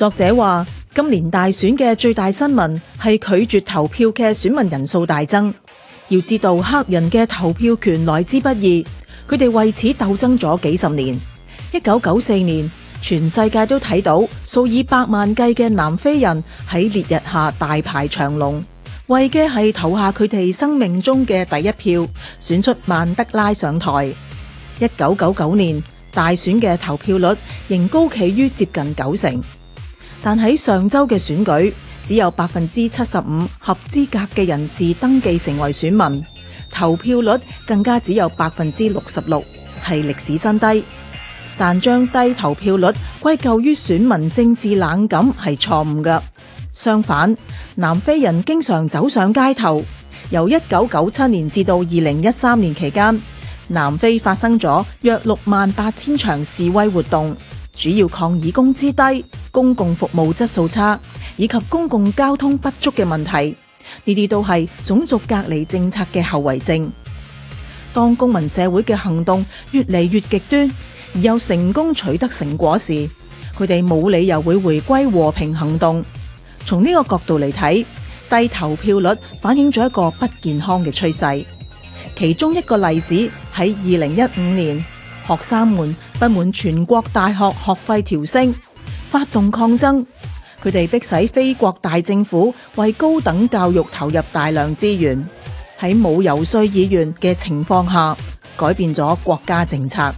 作者話：今年大選嘅最大新聞係拒絕投票嘅選民人數大增。要知道黑人嘅投票權來之不易，佢哋為此鬥爭咗幾十年。一九九四年，全世界都睇到數以百萬計嘅南非人喺烈日下大排長龍，為嘅係投下佢哋生命中嘅第一票，選出曼德拉上台。一九九九年，大選嘅投票率仍高企於接近九成。但喺上周嘅選舉，只有百分之七十五合資格嘅人士登記成為選民，投票率更加只有百分之六十六，係歷史新低。但將低投票率歸咎於選民政治冷感係錯誤嘅。相反，南非人經常走上街頭，由一九九七年至到二零一三年期間，南非發生咗約六萬八千場示威活動，主要抗議工資低，公共服務質素差以及公共交通不足嘅問題，呢啲都係種族隔離政策嘅後遺症。當公民社會嘅行動越嚟越極端，而又成功取得成果時，佢哋冇理由會回歸和平行動。從呢個角度嚟睇，低投票率反映咗一個不健康嘅趨勢。其中一個例子，喺二零一五年，學生們不滿全國大學學費調升。發動抗爭，佢哋迫使非國大政府為高等教育投入大量資源。喺冇遊說議員嘅情況下，改變咗國家政策。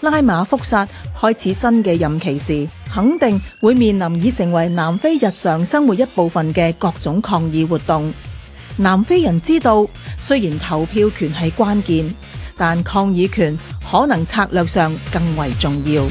拉馬福薩開始新嘅任期時，肯定會面臨已成為南非日常生活一部分嘅各種抗議活動。南非人知道，雖然投票權係關鍵，但抗議權可能策略上更為重要。